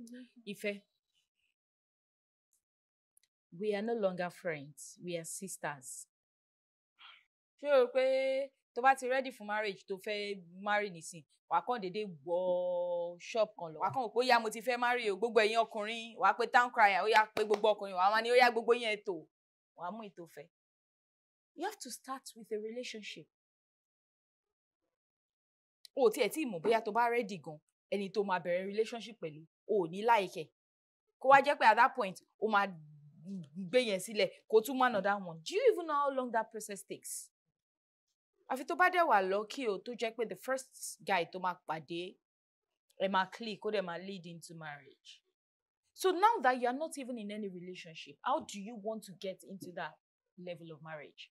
Mm-hmm. Ife, we are no longer friends, we are sisters. Ṣé o pé tó bá ti ready for marriage tó fẹ́ marry nísìn wàá kàn déédé wọ shop kan lọ wàá kàn pé ó mo ti fẹ́ marry o gbogbo ẹ̀yin ọkùnrin wàá pé town crier ó yá pé gbogbo ọkùnrin wàá wá ní ó yá gbogbo yẹn ètò wàá mú ètò fẹ́. You have to start with a relationship. o tiẹ̀ tí mọ̀ bóyá tó bá ready gan ẹni tó máa bẹ̀rẹ̀ relationship pẹ̀lú o ò ní láìkẹ̀ kó wá hmm. jẹ́ pé at that point o máa gbé yẹn sílẹ̀ kó tún mọ́ hmm. another one do you even know how long that process takes? àfi tó bá dẹ̀ wà lọ́kì o tó jẹ́ pé the first guy tó máa pàdé ẹ máa click ó dẹ̀ máa lead into marriage. So now that you are not even in any relationship, how do you want to get into that level of marriage?